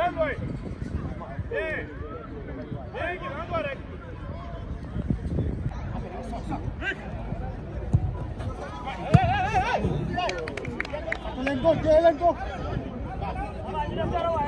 That way. Yeah. Yeah, get agora. Elenco, que elenco. Olha, mira, cara,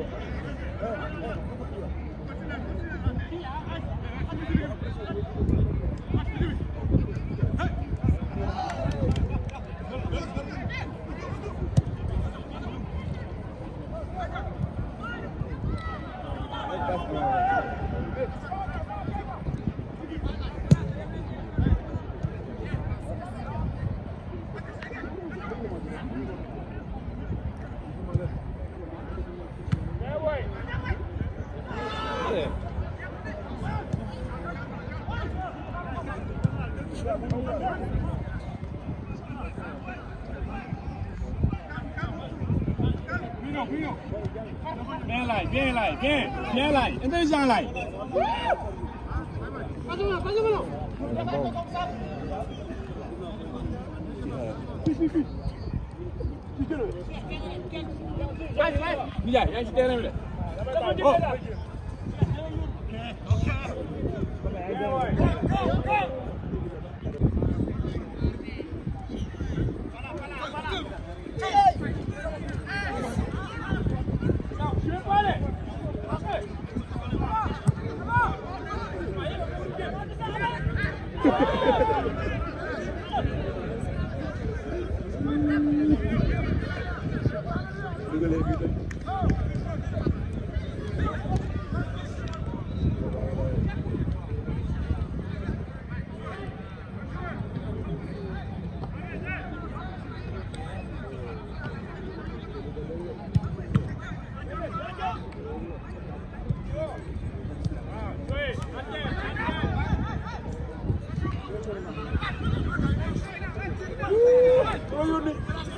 Thank you. Bien Laye bien Laye bien bien Laye intelligent Laye. Ndiaye yaa ngi ci terrain bi de. Oh.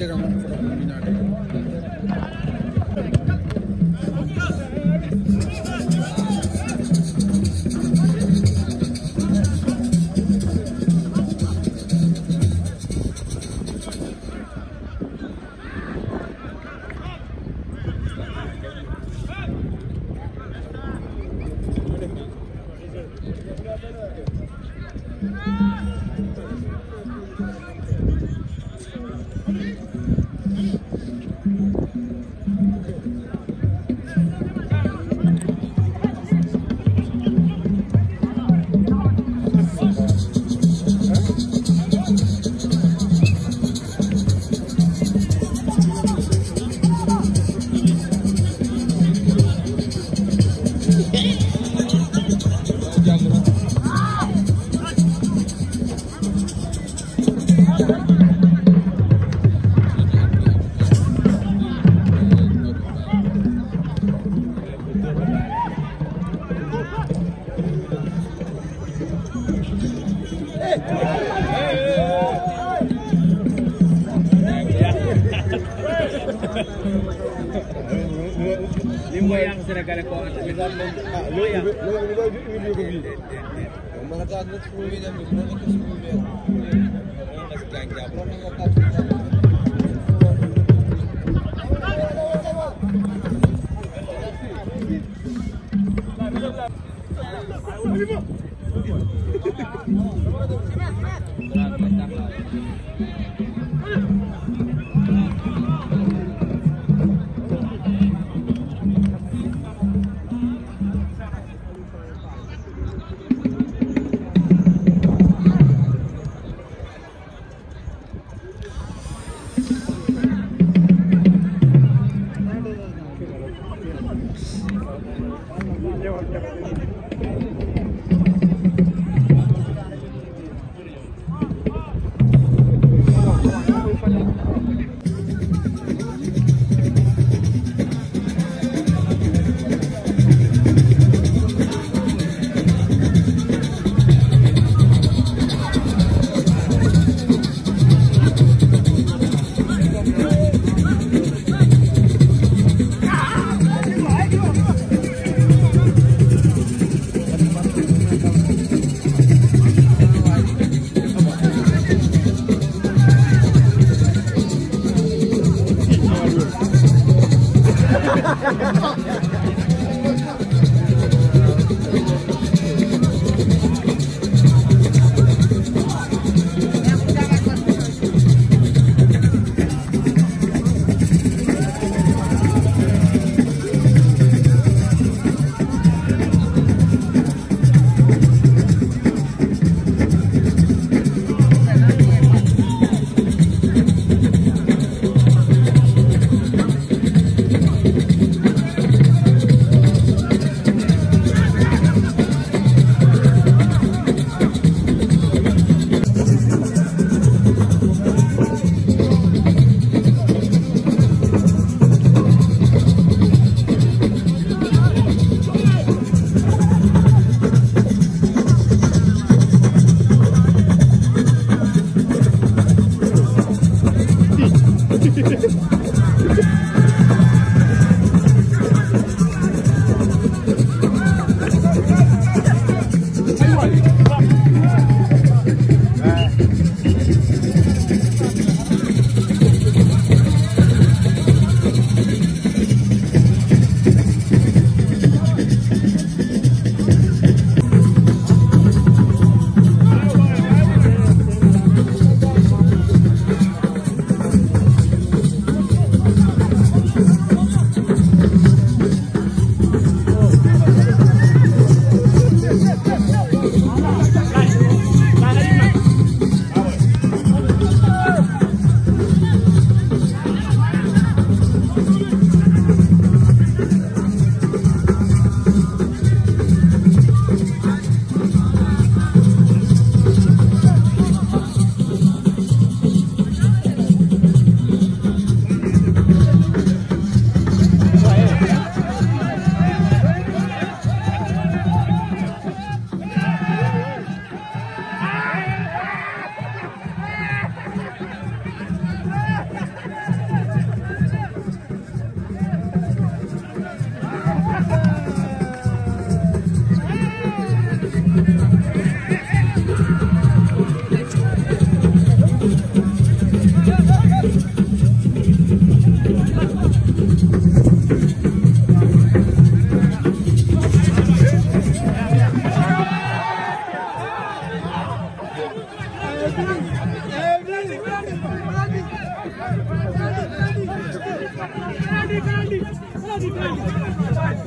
United. gale ko ah loo yàq. loolu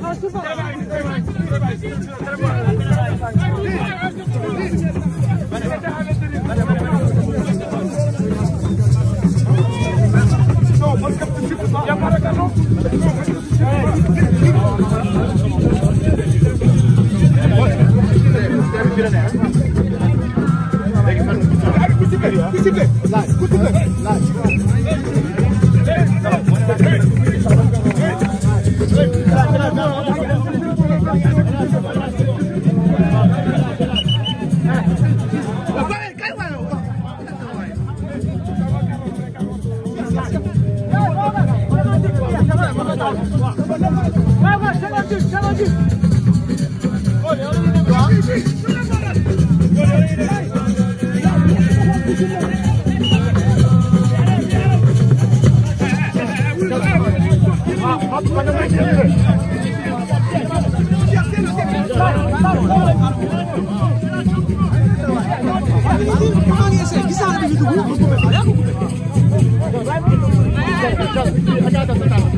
Très bien, très bien, très bien. Dal, dal, dal, dal, dal.